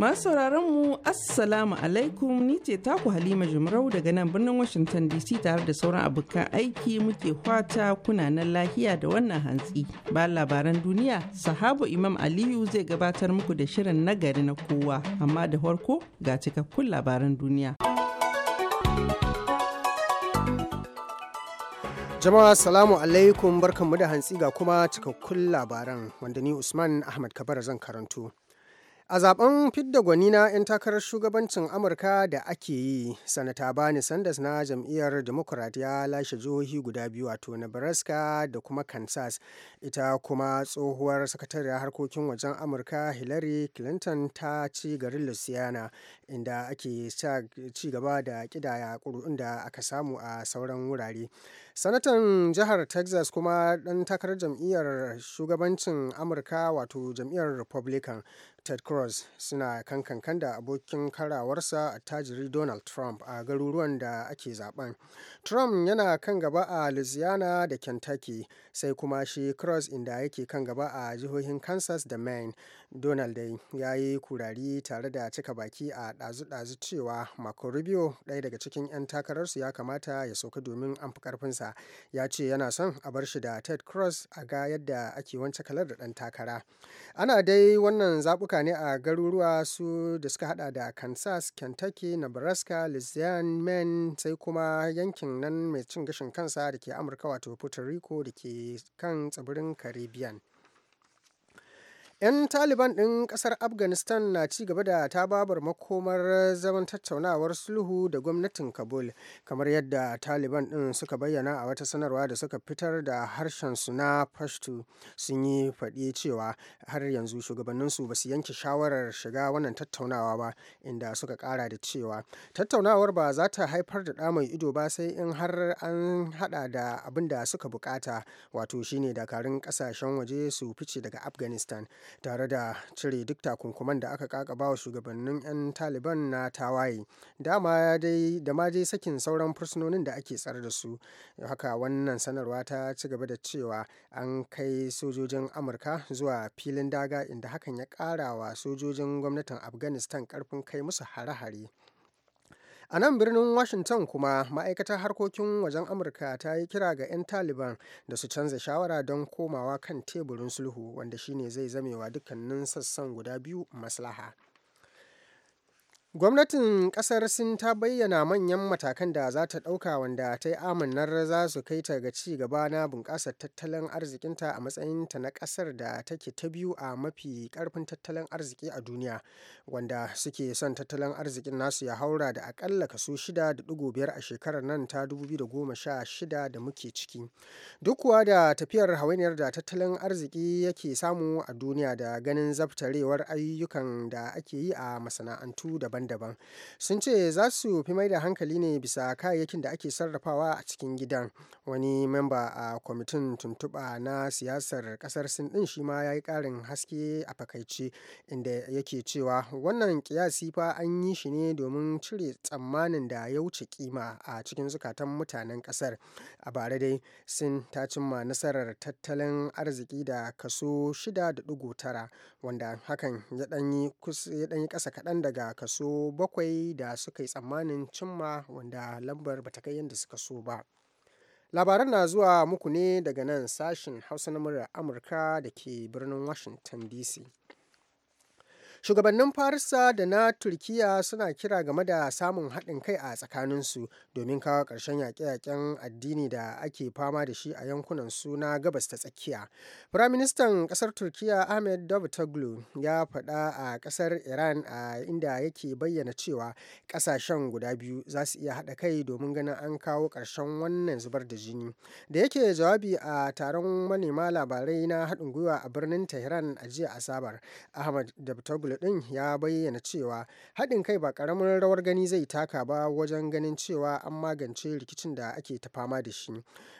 Masu sauraron mu Assalamu alaikum ni ce taku Halima Jumrau daga nan birnin Washington DC tare da sauran abokan aiki muke kwata kuna nan lahiya da wannan hantsi. Ba labaran duniya, sahabu Imam Aliyu zai gabatar muku da shirin nagari na kowa, amma da farko ga cikakkun labaran duniya. Jama'a salamu alaikum barkanmu da hantsi ga kuma cikakkun labaran wanda ni Usman Ahmad Kabara zan karanto. A zaben fidda gwani na 'yan takarar shugabancin Amurka da ake yi, Sanata bani Sanders na jam'iyyar Democrat ya lashe jihohi guda biyu wato Nebraska da kuma Kansas. Ita kuma tsohuwar sakatariyar harkokin wajen Amurka Hillary Clinton ta ci garin Louisiana inda ake ci gaba da kidaya kuru'un da aka samu a sauran wurare. sanatan jihar texas kuma ɗan takarar jam'iyyar shugabancin amurka wato jam'iyyar republican ted cruz suna kankan da abokin karawarsa a tajiri donald trump a garuruwan da ake zaben trump yana kan gaba a louisiana da kentucky sai kuma shi cruz inda yake kan gaba a jihohin kansas da maine donald dai ya yi kurari tare da cika baki a ɗazu-ɗazu cewa marco rubio ɗaya daga cikin 'yan takararsu ya kamata ya sauka domin an fi kansa ya ce yana son a bar shi da ted cross a ga yadda ake wance kalar da ɗan takara ana dai wannan zabuka ne a garuruwa su da suka hada da kansas kentucky nebraska louisiana maine sai kuma yankin nan mai cin gashin kansa da ke amurka wato puerto rico da ke kan tsibirin caribbean 'Yan Taliban ɗin ƙasar Afghanistan na ci gaba da tababar makomar zaman tattaunawar sulhu da gwamnatin Kabul, kamar yadda Taliban ɗin suka bayyana a wata sanarwa da suka fitar da harshensu na Pashto sun yi faɗi cewa har yanzu shugabanninsu ba su yanke shawarar shiga wannan tattaunawa ba, inda suka ƙara da cewa tattaunawar ba za ta haifar da ɗa mai ido ba sai in har an haɗa da abin da suka bukata, wato shine dakarun ƙasashen waje su fice daga Afghanistan. tare da cire duk takunkuman da aka kakaba wa shugabannin 'yan taliban na tawaye dama dai da ma dai sakin sauran fursunonin da ake tsar da su haka wannan sanarwa ta ci gaba da cewa an kai sojojin amurka zuwa filin daga inda hakan ya karawa sojojin gwamnatin afghanistan karfin kai musu hare-hare A nan birnin Washington kuma ma'aikatar harkokin wajen Amurka ta yi kira ga 'yan Taliban da su canza shawara don komawa kan teburin sulhu wanda shine zai zamewa dukkanin sassan guda biyu maslaha. Gwamnatin kasar Sin ta bayyana manyan matakan da za ta ɗauka wanda ta yi amannar za su kai ta ga ci gaba na bunƙasar tattalin arzikinta a matsayinta na ƙasar da take ta biyu a mafi karfin tattalin arziki a duniya, wanda suke son tattalin arzikin nasu ya haura da aƙalla kaso 6.5 a shekarar nan ta 2016 da muke ciki. Duk kuwa da tafiyar hawainiyar da tattalin arziki yake samu a duniya da ganin zabtarewar ayyukan da ake yi a masana'antu daban daban-daban sun ce za su fi mai da hankali ne bisa kayayyakin da ake sarrafawa a cikin gidan wani memba a kwamitin tuntuɓa na siyasar ƙasar sin ɗin shi ma ya yi ƙarin haske a fakaice inda yake cewa wannan kiyasi fa an yi shi ne domin cire tsammanin da ya wuce kima a cikin zukatan mutanen ƙasar a bara dai sin ta cimma nasarar tattalin arziki da kaso 6.9 wanda hakan ya ɗanyi ƙasa kaɗan daga kaso bakwai da suka yi tsammanin cimma wanda lambar bata kai yadda suka so ba. Labaran na zuwa muku ne daga nan sashen Hausa na murar Amurka da ke birnin Washington DC. Shugabannin Farisa da na turkiya suna kira game da samun haɗin kai a tsakaninsu domin kawo ƙarshen yaƙe-yaƙen addini da ake fama da shi a yankunan suna Gabas ta Tsakiya. Firaministan ƙasar turkiya Ahmed Davutoglu ya faɗa a ƙasar Iran a inda yake bayyana cewa ƙasashen guda biyu za su iya haɗa kai domin ganin an kawo ƙarshen wannan zubar da jini. Da yake jawabi a taron manema labarai na haɗin gwiwa a birnin Tehran a jiya Asabar, Ahmed Davutoglu Kable ɗin ya bayyana cewa haɗin kai ba ƙaramin rawar gani zai taka ba wajen ganin cewa an magance rikicin da ake ta fama da shi.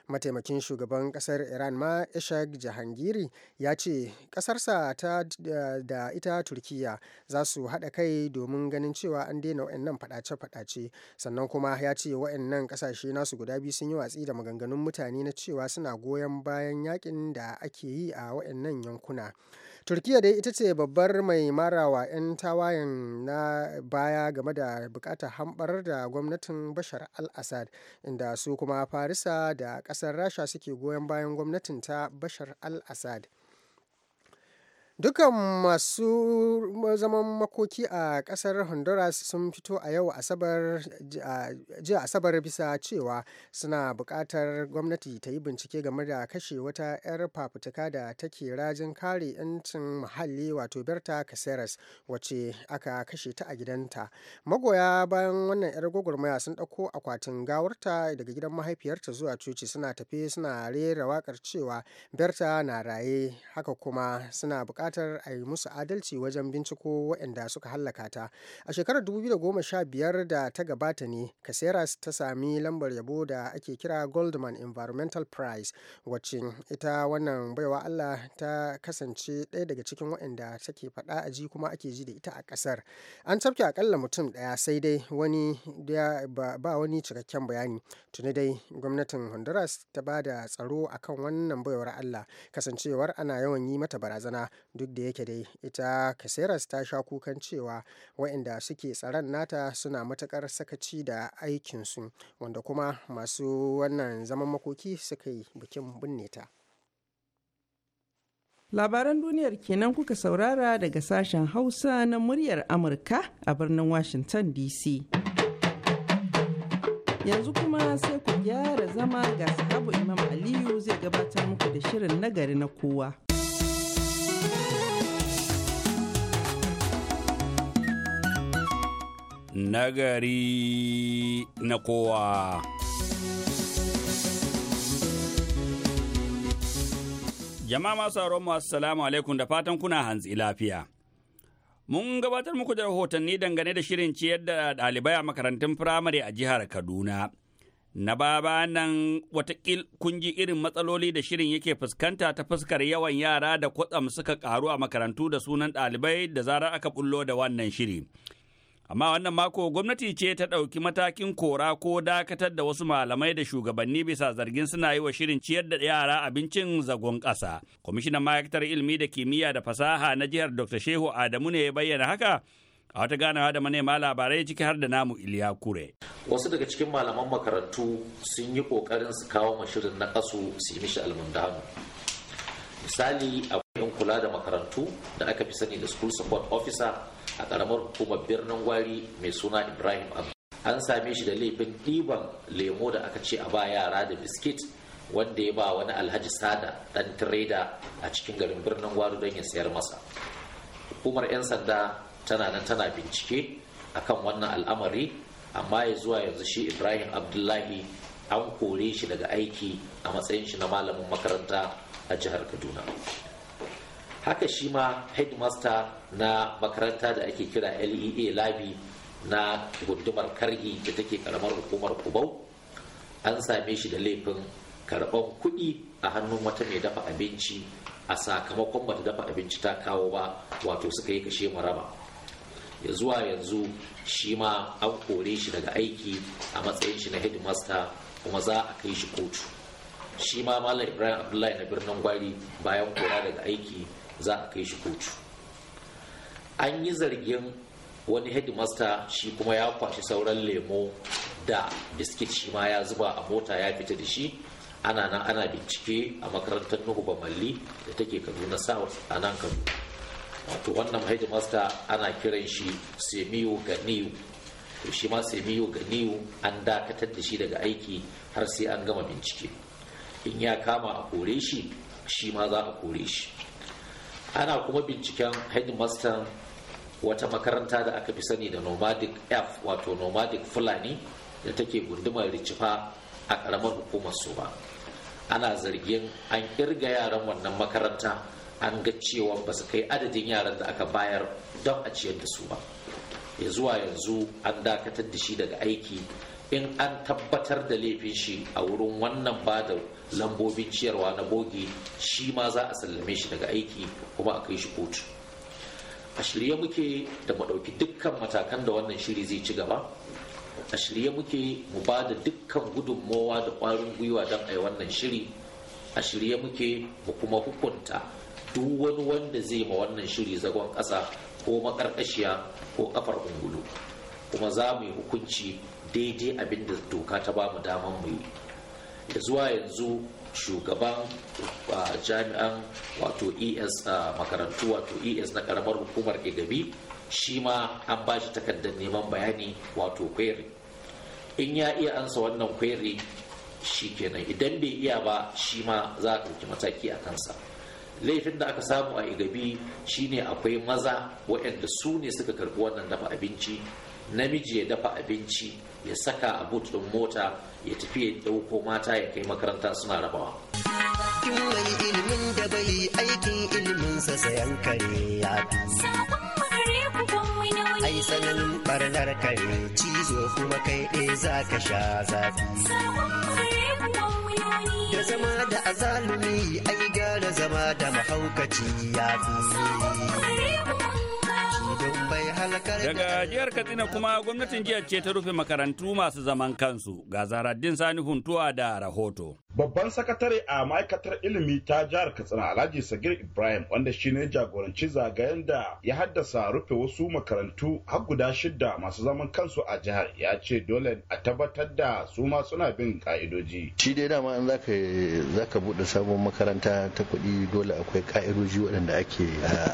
Mataimakin shugaban ƙasar Iran ma Ishaq Jahangiri ya ce ƙasarsa ta da ita Turkiyya za su haɗa kai domin ganin cewa an daina waɗannan faɗace-faɗace sannan kuma ya ce waɗannan ƙasashe nasu guda biyu sun yi watsi da maganganun mutane na cewa suna goyon bayan yakin da ake yi a waɗannan yankuna. turkiya dai ita ce babbar mai marawa 'yan tawayen na baya game da buƙatar hambar da gwamnatin Bashar al-Assad, inda su kuma Farisa da ƙasar Rasha suke goyon bayan gwamnatin ta Bashar al-Assad. Dukan masu zaman makoki a ƙasar Honduras sun fito a yau jiya Asabar bisa cewa suna bukatar gwamnati ta yi bincike game da kashe wata 'yar fafutuka da take rajin kare 'yancin muhalli wato Berta Caceres wacce aka kashe ta a gidanta. Magoya bayan wannan 'yar gwagwarmaya sun ɗauko akwatin gawarta daga gidan mahaifiyarta zuwa coci suna tafe suna rera waƙar cewa Berta na raye haka kuma suna bukatar bukatar a yi musu adalci wajen binciko waɗanda suka hallaka ta. A shekarar 2015 da ta gabata ne, caseras ta sami lambar yabo da ake kira Goldman Environmental Prize, wacce ita wannan baiwa Allah ta kasance ɗaya daga cikin waɗanda take faɗa a ji kuma ake ji da ita a ƙasar. An tafke akalla mutum ɗaya sai dai wani ba, ba wani cikakken bayani. Tuni dai gwamnatin Honduras ta ba da tsaro akan wannan baiwar Allah kasancewar ana yawan yi mata barazana duk da yake dai ita caceres ta sha kukan cewa waɗanda suke tsaron nata suna matuƙar sakaci da aikinsu wanda kuma masu wannan zaman makoki suka yi bikin binne ta labaran duniyar kenan kuka saurara daga sashen hausa na muryar amurka a birnin washington dc yanzu kuma sai ku gyara zama ga sahabu imam aliyu zai gabatar muku da shirin nagari na kowa nagari na kowa. Jama'a masu masu salamu alaikum da fatan kuna hantsi lafiya. Mun gabatar muku da rahotanni dangane da shirin ciyar da ɗalibai a makarantun firamare a jihar Kaduna. Na baba nan watakil kun irin matsaloli da shirin yake fuskanta ta fuskar yawan yara da kwatsam suka karu a makarantu da sunan ɗalibai da zarar aka bullo da wannan shiri. amma wannan mako gwamnati ce ta ɗauki matakin kora ko dakatar da wasu malamai da shugabanni bisa zargin suna yi wa shirin ciyar da yara abincin zagon ƙasa kwamishinan ma'aikatar ilimi da kimiyya da fasaha na jihar dr shehu adamu ne ya bayyana haka a wata ganawa da manema labarai ciki har da namu iliya kure wasu daga cikin malaman makarantu sun yi kokarin su kawo mashirin na ƙasu su yi mishi almundanu misali akwai kula da makarantu da aka fi sani da school support officer a karamar hukumar birnin gwari mai suna ibrahim abu an same shi da laifin ɗiban lemo da aka ce a ba yara da biskit wanda ya ba wani alhaji sada dan tireda a cikin garin birnin gwari don ya sayar masa hukumar 'yan sanda tana nan tana bincike akan wannan al'amari amma ya zuwa yanzu shi ibrahim abdullahi an kore shi daga aiki a matsayin shi na malamin makaranta a jihar kaduna haka shi ma headmaster na makaranta da ake kira lea labi na gundumar karhi da take karamar hukumar kubau an same shi da laifin karɓar kuɗi a hannun wata mai dafa abinci a sakamakon bata dafa abinci ta kawo ba wato suka yi kashe maraba ya zuwa yanzu shi ma an kore shi daga aiki a matsayin shi na headmaster kuma za a kai shi kotu shi ma malam ibrahim abdullahi na birnin gwari bayan kora daga aiki za a kai shi kotu an yi zargin wani headmaster shi kuma ya kwashi sauran lemo da biskit shi ma ya zuba a mota ya fita da shi ana nan ana bincike a makarantar nuhu bamalli da take kaduna south a nan kaduna wato wannan headmaster ana kiran shi semiyu ganiyu to shi ma semiyu ganiyu an dakatar da shi daga aiki har sai an gama bincike in ya kama a kore shi shi ma za a kore shi ana kuma binciken headmaster wata makaranta da aka fi sani da nomadic f wato nomadic fulani da take gundumar ricifa a karamar hukumar su ba ana zargin an kirga yaran wannan makaranta an ga cewa ba su kai adadin yaran da aka bayar don a ciyar da su ba ya zuwa yanzu an dakatar da shi daga aiki in an tabbatar da laifin shi a wurin wannan badar lambobin ciyarwa na bogi shi ma za a sallame shi daga aiki kuma a kai shi kotu a shirye muke da mu ɗauki dukkan matakan da wannan shiri zai ci gaba a shirye muke mu ba da dukkan gudunmowa da ƙwarin gwiwa don a yi wannan shiri a shirye muke mu kuma hukunta duk wani wanda zai ma wannan shiri zagon ƙasa ko maƙarƙashiya ko ƙafar ungulu kuma za mu yi hukunci daidai abin da doka ta ba mu damar mu yi zuwa yanzu shugaban jami'an wato es makarantu wato es na karamar hukumar igabi shi ma an ba shi takardar neman bayani wato kweri in ya iya ansa wannan kwere shi kenan idan bai iya ba shi ma za a ɗauki mataki a kansa laifin da aka samu a igabi shine akwai maza waɗanda su ne suka karɓi wannan dafa abinci namiji ya dafa abinci ya saka a boot din mota ya tafi ya ɗauko mata ya kai makaranta suna rabawa duk ilimin da bai aikin ilimin sa sayan kare ya bi ai sanin barnar kare cizo kuma kai ɗaya za ka sha zafi da zama da azalumi ai gara zama da mahaukaci ya fi Daga jihar Katsina kuma gwamnatin jihar ce ta rufe makarantu masu zaman kansu ga Zaraddin Sani Huntuwa da rahoto. Babban sakatare a ma'aikatar ilimi ta jihar Katsina Alhaji Sagir Ibrahim wanda shine jagoranci zagayen da ya haddasa rufe wasu makarantu har guda shida masu zaman kansu a jihar ya ce dole a tabbatar da su ma suna bin ka'idoji. Shi dai dama in zaka zaka bude sabon makaranta ta kuɗi dole akwai ka'idoji waɗanda ake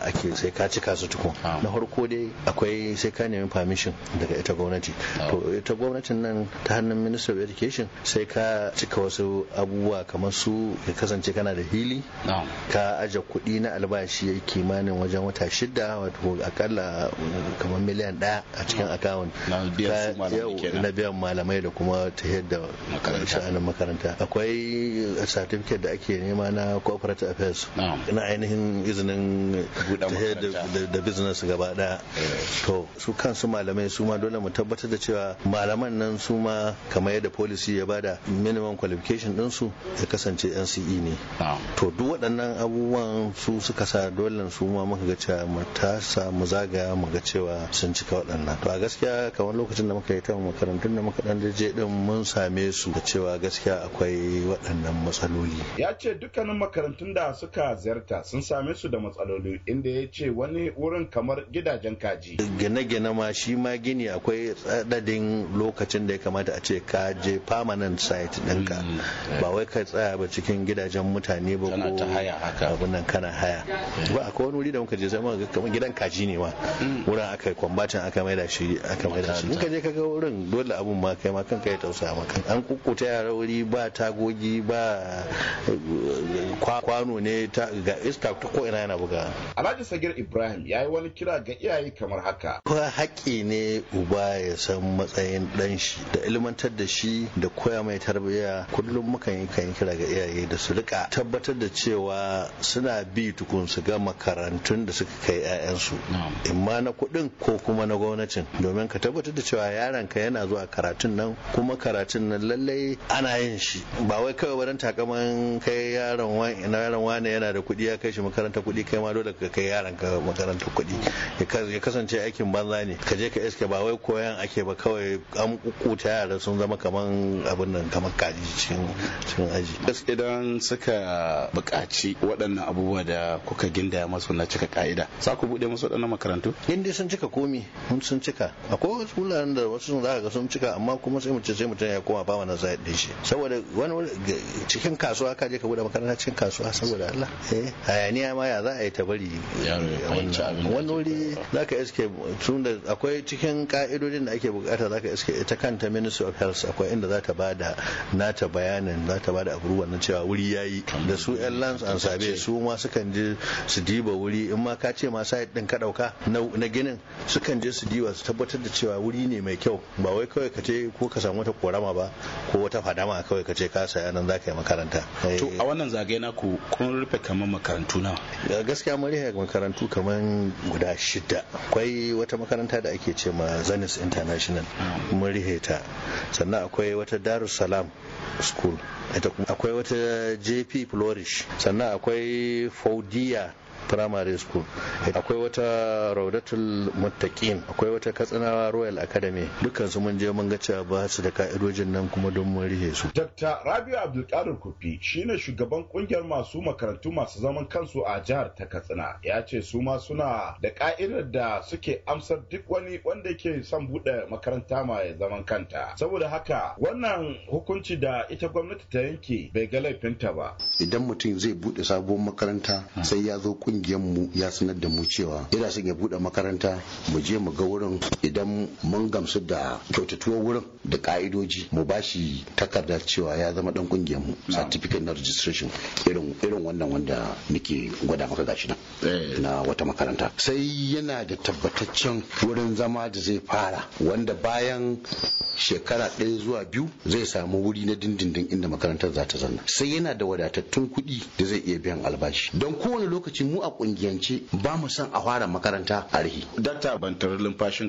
ake sai ka cika su tukun. Na farko dai akwai sai ka nemi permission daga ita gwamnati oh. to ita gwamnatin nan ta hannun minister of education sai ka cika wasu abubuwa kamar su ya kasance kana da hili oh. ka aje kuɗi na albashi ya kimanin wajen wata shida wato akalla uh, kamar miliyan ɗaya a cikin oh. akawun na biyan malamai da kuma ta yadda sha'anin makaranta akwai uh, certificate da ake nema na corporate affairs na ainihin izinin da business gaba ɗaya eh. to su kansu malamai su ma dole mu tabbatar da cewa malaman nan su ma kamar yadda policy ya bada minimum qualification ɗinsu ya kasance NCE ne to duk waɗannan abubuwan su suka sa dole su ma muka ga cewa mu tasa mu zagaya mu ga cewa sun cika waɗannan to a gaskiya kamar lokacin da muka yi ta makarantun da muka dan je din mun same su da cewa gaskiya akwai waɗannan matsaloli ya ce dukkanin makarantun da suka ziyarta sun same su da matsaloli inda ya ce wani wurin kamar gidajen kaji gina gina ma shi ma gini akwai tsadadin lokacin da ya kamata a ce ka je permanent site ɗinka mm, eh. ba wai ka tsaya ba cikin gidajen mutane ba ko abin nan kana haya eh. ba akwai wani wuri da muka je sai ga kamar gidan kaji ne ma mm. wurin aka kwambatin aka maida shi aka maida shi muka je kaga wurin dole abun ma kai ma kanka ya tausaya maka an kukkuta yara wuri ba tagogi ba kwano ne ga iska ta ko ina yana buga Alhaji Sagir Ibrahim ya yi wani kira ga iyaye kamar haka. fa haƙƙi ne uba ya san matsayin ɗan shi da ilmantar da shi da koya mai tarbiyya kullum mukan yi kan kira ga iyaye da su rika tabbatar da cewa suna bi tukun su ga makarantun da suka kai 'ya'yansu imma na kuɗin ko kuma na gwamnatin domin ka tabbatar da cewa yaron ka yana zuwa karatun nan kuma karatun nan lallai ana yin shi ba wai kawai wurin takaman kai yaron wani yaron wani yana da kuɗi ya kai shi makaranta kuɗi kai ma dole ka kai yaron ka makaranta kuɗi ya kasance aikin banza ne ka je ka iske ba wai koyan ake ba kawai an kuta yara sun zama kaman abin nan kaman kaji cikin aji idan suka buƙaci waɗannan abubuwa da kuka gindaya masu na cika ka'ida za ku buɗe masu waɗannan makarantu in dai sun cika komi mun sun cika akwai wasu wuraren da wasu sun zaka ga sun cika amma kuma sai mutum sai mutum ya koma ba wani zai ɗin shi saboda wani cikin kasuwa ka je ka buɗe makaranta cikin kasuwa saboda Allah eh hayaniya ma ya za a yi ta bari wani wuri za ka iske sun akwai cikin ka'idodin da ake bukata zaka iske ita kanta ministry of health akwai inda za ta bada nata bayanin za ta bada abu na cewa wuri yayi da su yan lands an sabe su ma sukan je su diba wuri in ma ka ce ma site din ka dauka na ginin sukan je su diba su tabbatar da cewa wuri ne mai kyau ba wai kawai ka ce ko ka samu wata korama ba ko wata fadama kawai ka ce ka saya nan zaka yi makaranta eh, to a wannan zagaye na ku kun rufe kaman makarantu nawa gaskiya mun rufe makarantu kaman guda shida akwai wata makaranta da ake ce ma zanis international mun rihe ta sannan akwai wata salam school akwai wata jp flourish sannan akwai faudiya primary school akwai wata raudatul muttaqin akwai wata katsinawa royal academy dukkan su mun je mun ga cewa ba su da ka'idojin nan kuma don mun rihe su dr rabiu abdulkadir kufi shine shugaban kungiyar masu makarantu masu zaman kansu a jihar ta katsina ya ce su ma suna da ka'idar da suke amsar duk wani wanda ke son bude makaranta mai zaman kanta saboda haka wannan hukunci da ita gwamnati ta yanke bai ga laifinta ba idan mutum zai bude sabuwar makaranta sai ya zo kungiyar mu ya sanar da mu cewa Ina son ya bude makaranta mu je mu ga wurin idan mun gamsu da kyautatuwar wurin da ka'idoji mu bashi takardar cewa ya zama dan kungiyar mu certificate na registration irin irin wannan wanda nake gwada maka gashi nan eh. na wata makaranta sai yana da tabbataccen wurin zama da zai fara wanda bayan shekara ɗaya zuwa biyu zai samu wuri na dindindin inda makarantar za ta zanna sai yana da wadatattun kuɗi da zai iya biyan albashi don kowane lokacin mu mu a kungiyance ba mu san a fara makaranta a rihi dakta ban tarar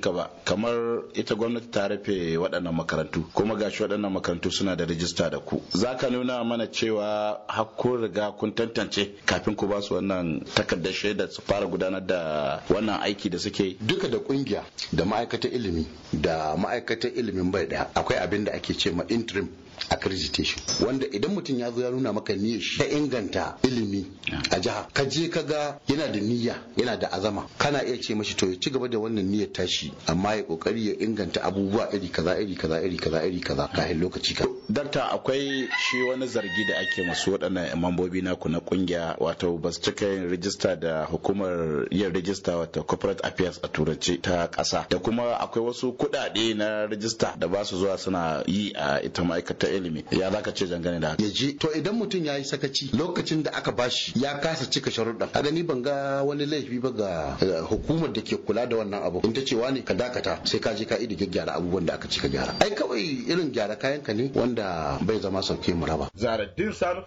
ka ba kamar ita gwamnati ta rufe waɗannan makarantu kuma gashi waɗannan makarantu suna da rijista da ku Za ka nuna mana cewa hakkun riga kun tantance kafin ku ba su wannan takardar shaida su fara gudanar da wannan aiki da suke duka da kungiya da ma'aikatan ilimi da ma'aikatan ilimin bai daya akwai abin da ake ce ma interim accreditation wanda idan mutum ya zo ya nuna maka niyyar shi ta inganta ilimi a jiha ka je ka ga yana da niyya yana da azama kana iya ce mashi to ya ci gaba da wannan niyyar tashi amma ya kokari ya inganta abubuwa iri kaza iri kaza iri kaza iri kaza kafin lokaci ka dakta akwai shi wani zargi da ake masu waɗannan mambobi naku na kungiya wato ba su cika yin rijista da hukumar yin rijista wato corporate affairs a turanci ta ƙasa da kuma akwai wasu kuɗaɗe na rijista da ba su zuwa suna yi a ita ma'aikatar ilimi ya za ka ce dangane da ya ji to idan mutum ya yi sakaci lokacin da aka bashi ya kasa cika sharuɗan a gani ban ga wani laifi ba ga hukumar da ke kula da wannan abu in ta ce wani ka dakata sai ka je ka idi gyara abubuwan da aka cika gyara ai kawai irin gyara kayan ka ne wanda bai zama sauke mu raba. Zaraddin Sani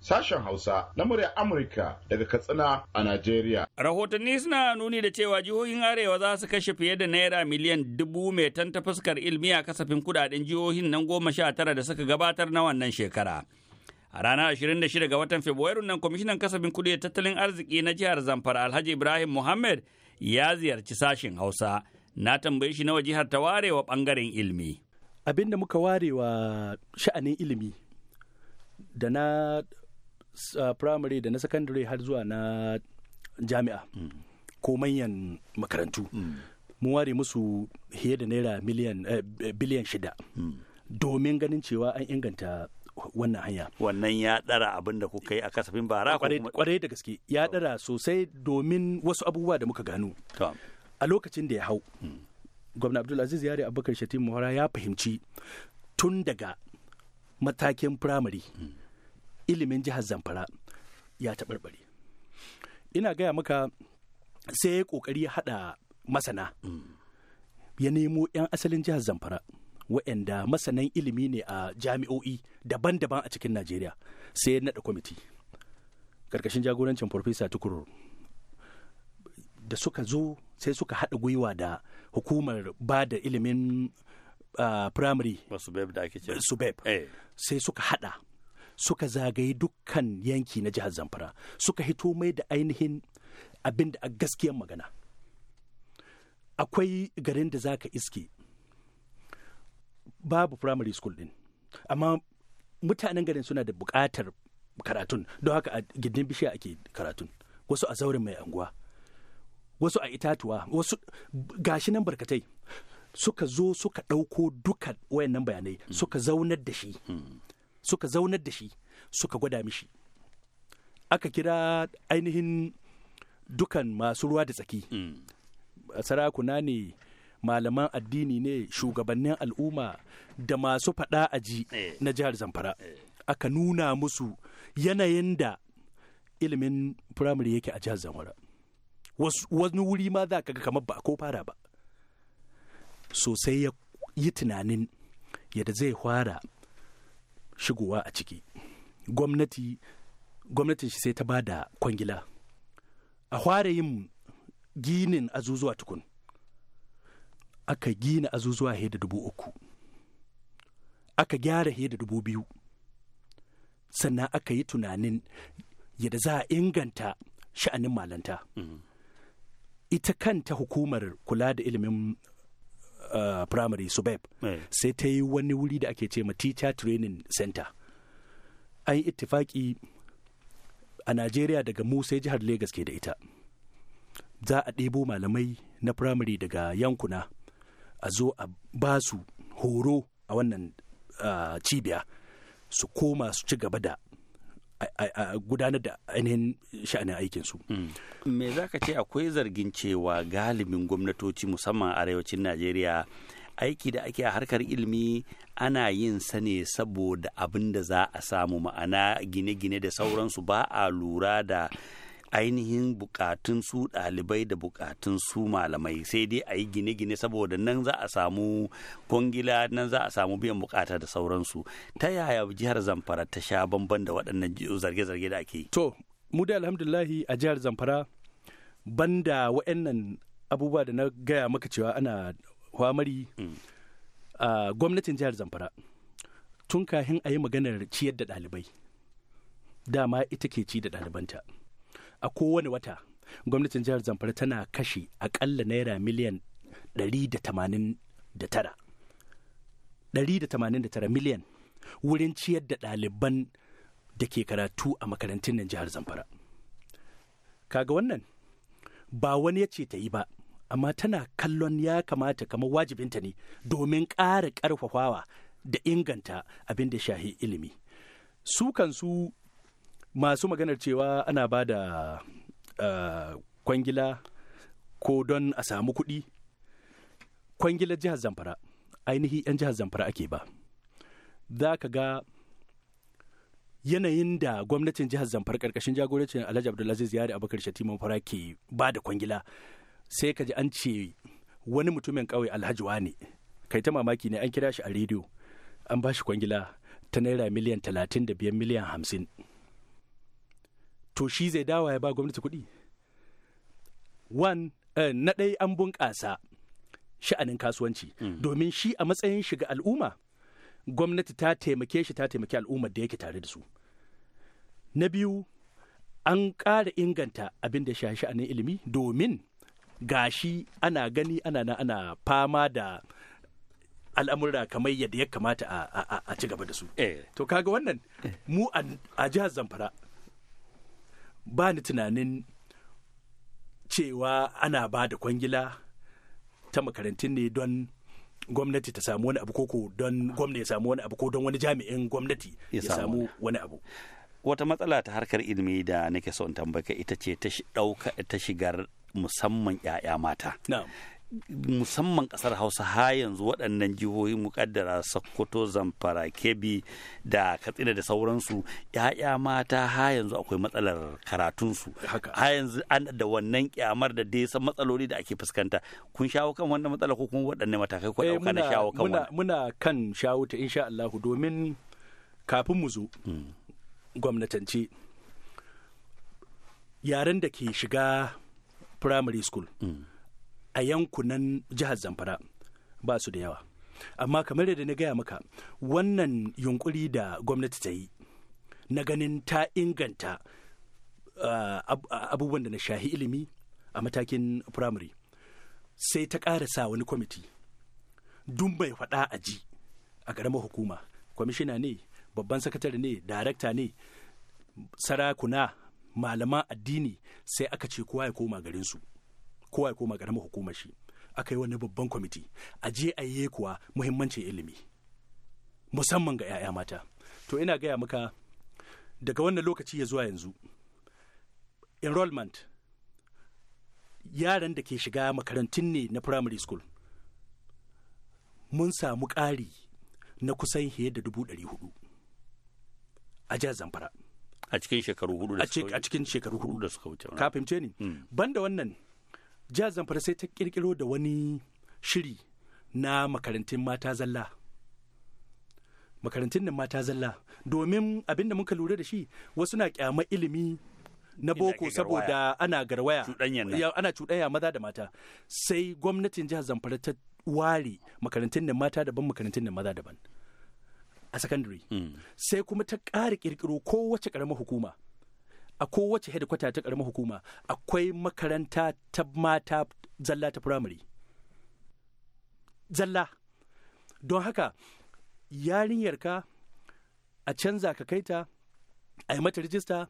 sashen Hausa na murya Amurka daga Katsina a Najeriya. Rahotanni suna nuni da cewa jihohin Arewa za su kashe fiye da naira miliyan dubu mai tanta fuskar ilmi a kasafin kudaden jihohin nan goma sha tara da suka gabatar na wannan shekara. A ranar 26 ga watan Fabrairu nan kwamishinan kasafin kudi da tattalin arziki na jihar Zamfara Alhaji Ibrahim Muhammad ya ziyarci sashen Hausa. Na tambaye shi nawa jihar ta ware wa bangaren ilmi. abin da muka ware wa sha'anin ilimi da na uh, primary da na secondary har zuwa na jami'a mm. ko manyan makarantu mm. mun ware musu fiye da naira miliyan eh, biliyan shida mm. domin ganin cewa an inganta wannan hanya wannan ya dara abin da kuka yi a kasafin bara kwarai da gaske ya dara sosai domin wasu abubuwa da muka gano a lokacin da ya hau mm. gwamna abdulaziz yari abubakar shatim muhara ya fahimci tun daga matakin firamare ilimin jihar zamfara ya taɓarɓare ina gaya maka sai ya ƙoƙari ya haɗa masana ya nemo 'yan asalin jihar zamfara waɗanda masanan ilimi ne a jami'o'i daban-daban a cikin najeriya sai ya naɗa kwamiti ƙarƙashin jagorancin farfesa tukur da suka zo sai suka haɗa gwiwa da hukumar ba da ilimin firamare ah, subeb eh. sai suka hada suka zagaye dukkan yanki na jihar zamfara suka hito mai da ainihin abin da a gaskiyar magana akwai garin da zaka ka iske babu primary school din amma mutanen garin suna da bukatar karatun don haka a gindin bishiya ake karatun wasu a zauren mai anguwa wasu a itatuwa wasu gashi nan barkatai suka zo suka ɗauko duka wayannan bayanai hmm. suka zaunar da shi hmm. suka zaunar da shi suka gwada mishi aka kira ainihin dukan masu ruwa da tsaki hmm. sarakuna ne malaman addini ne shugabannin al'umma da masu faɗa aji eh. na jihar zamfara eh. aka nuna musu yanayin da ilimin firamare yake a jihar zamfara wani wuri ma za ka ga kamar ba ko fara ba sosai ya yi tunanin yadda zai fara shigowa a ciki gwamnati gwamnatin shi sai ta ba da kwangila a fara yin ginin azuzuwa tukun aka gina azuzuwa he da dubu uku aka gyara he da dubu biyu sannan aka yi tunanin yadda za a inganta sha'anin malanta mm -hmm. ita kanta hukumar kula da ilimin uh, primary subeb eh. sai ta yi wani wuri da ake ce ma teacher training center an yi ittifaki a nigeria daga musai jihar lagos ke da ita za a ɗebo malamai na primary daga yankuna a zo a ba su horo a wannan uh, cibiya su koma su ci gaba da a gudanar da ainihin sha'anin aikinsu. Hmm. Me za ka ce akwai zargin cewa galibin gwamnatoci musamman arewacin Najeriya aiki da ake a harkar ilimi ana yin sa ne saboda abin da za a samu ma'ana gine-gine da sauransu ba a lura da ainihin bukatun su ɗalibai da bukatun su malamai sai dai a yi gine-gine saboda nan za a samu kwangila nan za a samu biyan bukata da sauransu ta yaya jihar zamfara ta sha bamban da waɗannan zarge-zarge da ake to mu da alhamdulahi a jihar zamfara banda waɗannan abubuwa da na gaya maka cewa ana hwamari mm. a gwamnatin jihar zamfara tun kahin a yi maganar ciyar da ɗalibai dama ita ke ci da ɗalibanta a kowane wata gwamnatin jihar zamfara tana kashe akalla naira miliyan 189 miliyan wurin ciyar da ɗaliban da ke karatu a makarantun nan jihar zamfara kaga wannan ba wani ya ce ta yi ba amma tana kallon ya kamata kamar wajibinta ne domin ƙara ƙarfafawa da inganta abin da shahi ilimi su kansu masu maganar cewa ana ba da uh, kwangila ko don a samu kuɗi kwangilar jihar zamfara ainihi 'yan jihar zamfara ake ba za ka ga yanayin da gwamnatin jihar zamfara karkashin jagorancin alhaji abdulaziz yari abubakar shatima fara ke ba da kwangila sai ka ji an ce wani mutumin kawai alhaji ne kai ta mamaki ne an kira shi a rediyo an ba shi kwangila ta naira miliyan talatin da biyan miliyan hamsin to shi zai dawa ya ba gwamnati kuɗi one eh, na ɗaya an bunƙasa sha'anin kasuwanci mm. domin shi a matsayin shiga al'umma gwamnati ta taimake shi ta taimaki al'ummar da yake tare da su na biyu an ƙara inganta abin da shi sha'anin ilimi domin gashi ana gani ana na ana fama da al'amurra kamar yadda ya kamata a ci gaba da su eh. to kaga wannan eh. mu a jihar zamfara ba ni tunanin cewa ana ba da kwangila ta makarantun ne don gwamnati ta samu wani abu ko don gwamnati ya samu wani abu ko don wani jami'in gwamnati ya samu wani abu wata matsala ta harkar ilimi da nake son tambaka ita ce ta shigar musamman 'ya'ya mata musamman kasar hausa ha yanzu waɗannan jihohi mukaddara sokoto zamfara kebbi da katsina da sauransu ya'ya mata ha yanzu akwai matsalar karatunsu ha yanzu an da wannan kyamar da dai san matsaloli da ake fuskanta kun shawo kan wannan matsala ko kuma waɗanne matakai ko eh, ɗauka na shawo kan wannan muna kan shawo ta insha Allah domin kafin mu zo hmm. gwamnatance yaren da ke shiga primary school mm. a yankunan jihar zamfara ba su da yawa amma kamar yadda na gaya maka wannan yunkuri da gwamnati ta yi na ganin ta inganta ah, ah, abubuwan da na shahi ilimi a matakin firamare sai ta ƙara sa wani kwamiti duk bai faɗa a ji a ƙaramar hukuma kwamishina ne babban sakatare ne darakta ne sarakuna malaman addini sai aka ce kowa ya koma garinsu kowa ya koma karamar hukumar shi aka yi wani babban kwamiti a je a yi kuwa muhimmancin ilimi musamman ga 'ya'ya mata to ina gaya maka daga wannan lokaci ya zuwa yanzu enrollment yaran da ke shiga makarantun ne na primary school mun samu ƙari na kusan fiye da dubu ɗari hudu a jihar zamfara a cikin shekaru hudu da suka wuce a cikin shekaru ka fahimce ni hmm. banda wannan jihar zamfara sai ta kirkiro da wani shiri na makarantun mata zalla makarantun nan mata zalla domin abinda muka lura da shi wasu na kyama ilimi na boko saboda ana garwaya ana cuɗanya maza da mata sai gwamnatin jihar zamfara ta ware makarantun da mata daban makarantun da maza daban a secondary hmm. sai kuma ta ƙara ƙirƙiro kowace ƙaramar hukuma a kowace kwata ta karamar hukuma akwai makaranta ta mata zalla ta firamare zalla don haka yarinyarka a canza ka kai ta a yi mata rijista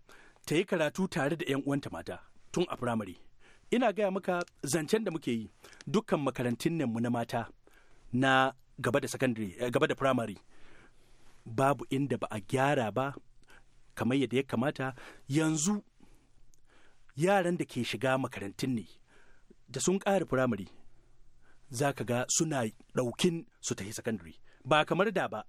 ta yi karatu tare da 'yan uwanta mata tun a firamare ina gaya maka zancen da muke yi dukkan makarantun nan mu na mata na gaba da eh, firamare babu inda ba a gyara ba kamar yadda ya kamata yanzu yaran da ke shiga makarantun ne da sun ƙara firamare za ka ga suna ɗaukin su ta tafi sakandare ba kamar da ba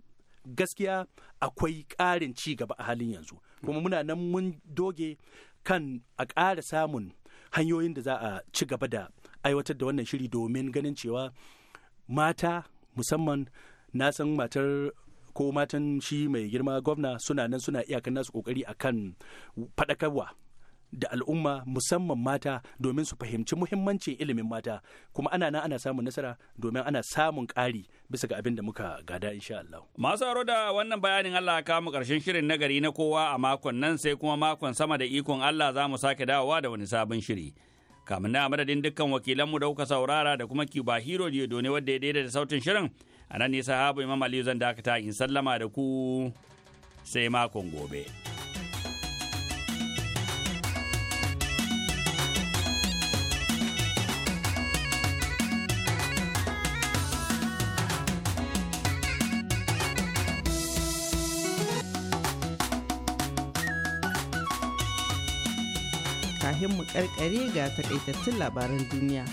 gaskiya akwai ƙarin ci gaba a halin yanzu kuma muna nan mun doge kan a ƙara samun hanyoyin da za a ci gaba da aiwatar da wannan shiri domin ganin cewa mata musamman na san matar ko matan shi mai girma gwamna suna nan suna iyakan nasu kokari akan faɗakarwa da al'umma musamman mata domin su fahimci muhimmancin ilimin mata kuma ana nan ana samun nasara domin ana samun ƙari bisa ga abin da muka gada insha Allah. Masu aro da wannan bayanin Allah ka mu karshen shirin nagari na kowa a makon nan sai kuma makon sama da ikon Allah za mu sake dawowa da wani sabon shiri. Kamin na madadin dukkan wakilanmu da kuka saurara da kuma kiba Hero ne wadda ya daidaita sautin shirin. a nan ne sahabu imam aliyu zan dakata in sallama da ku sai makon gobe. kafin mu ƙarƙare ga takaitattun labaran duniya.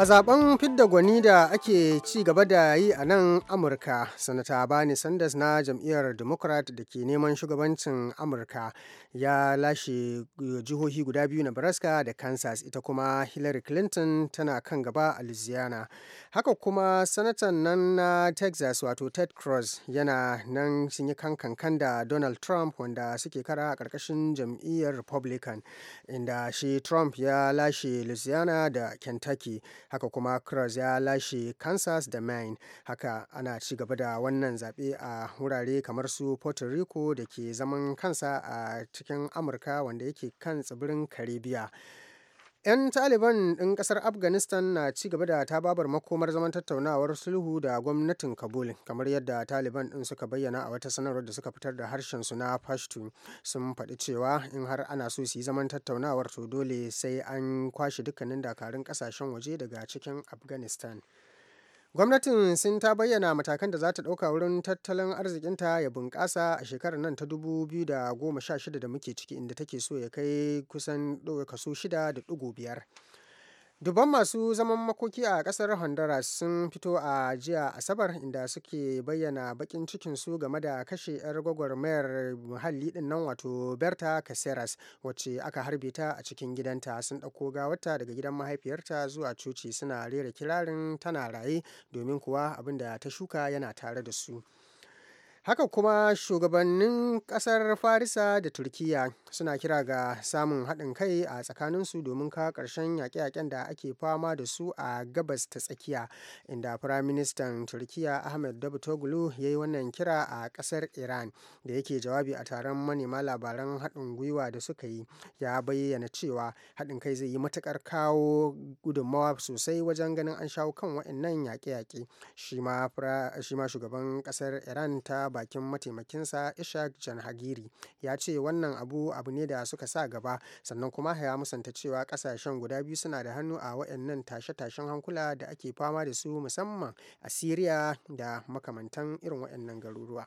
A zaben fidda gwani da ake ci gaba da yi a nan Amurka, Sanata Bernie Sanders na jam'iyyar Democrat da ke neman shugabancin Amurka ya lashe eh, jihohi guda biyu na Nebraska da Kansas, ita kuma Hillary Clinton tana kan gaba a Louisiana. Haka kuma Sanatan nan na Texas wato Ted Cruz yana nan sun yi kankan da Donald Trump wanda suke kara a ƙarƙashin jam'iyyar Republican, inda shi Trump ya lashe Louisiana da Kentucky. haka kuma cross ya lashe kansas da maine haka ana ci gaba da wannan zaɓe a wurare kamar su puerto rico da ke zaman kansa a cikin amurka wanda yake kan tsibirin caribbean 'Yan Taliban ɗin ƙasar Afghanistan na ci gaba da tababar makomar zaman tattaunawar sulhu da gwamnatin Kabul, kamar yadda Taliban ɗin suka bayyana a wata sanarwar da suka fitar da harshen su na Pashto. Sun faɗi cewa in har ana so su yi zaman tattaunawar to dole sai an kwashe dukkanin dakarun ƙasashen waje daga cikin Afghanistan. Gwamnatin sun ta bayyana matakan da za ta ɗauka wurin tattalin arzikinta ya bunƙasa a shekarar nan ta 2016 da muke ciki inda take so ya kai kusan kaso 6.5. Dubban masu zaman makoki a ƙasar Honduras sun fito a jiya Asabar inda suke bayyana baƙin cikinsu game da kashe 'yar gwagwarmayar muhalli ɗin nan wato Berta Caceres wacce aka harbe ta a cikin gidanta sun ɗauko gawarta daga gidan mahaifiyarta zuwa coci suna rera kirarin tana raye domin kuwa abin da ta shuka yana tare da su. Haka kuma shugabannin ƙasar Farisa da Turkiyya suna kira ga samun haɗin kai a tsakaninsu domin ka ƙarshen yaƙe-yaƙen da ake fama da su a gabas ta tsakiya, inda Firaministan Turkiyya Ahmed Davutoglu ya yi wannan kira a ƙasar Iran da yake jawabi a taron manema labaran haɗin gwiwa da suka yi ya bayyana cewa haɗin kai zai yi matuƙar kawo gudummawa sosai wajen ganin an shawo kan waɗannan yaƙe-yaƙe. Shi shugaban ƙasar Iran ta bakin mataimakinsa Ishak Janhagiri ya ce wannan abu abu ne da suka sa gaba sannan kuma ya musanta cewa kasashen guda biyu suna da hannu a waɗannan tashe-tashen hankula da ake fama da su musamman a Siriya da makamantan irin waɗannan garuruwa.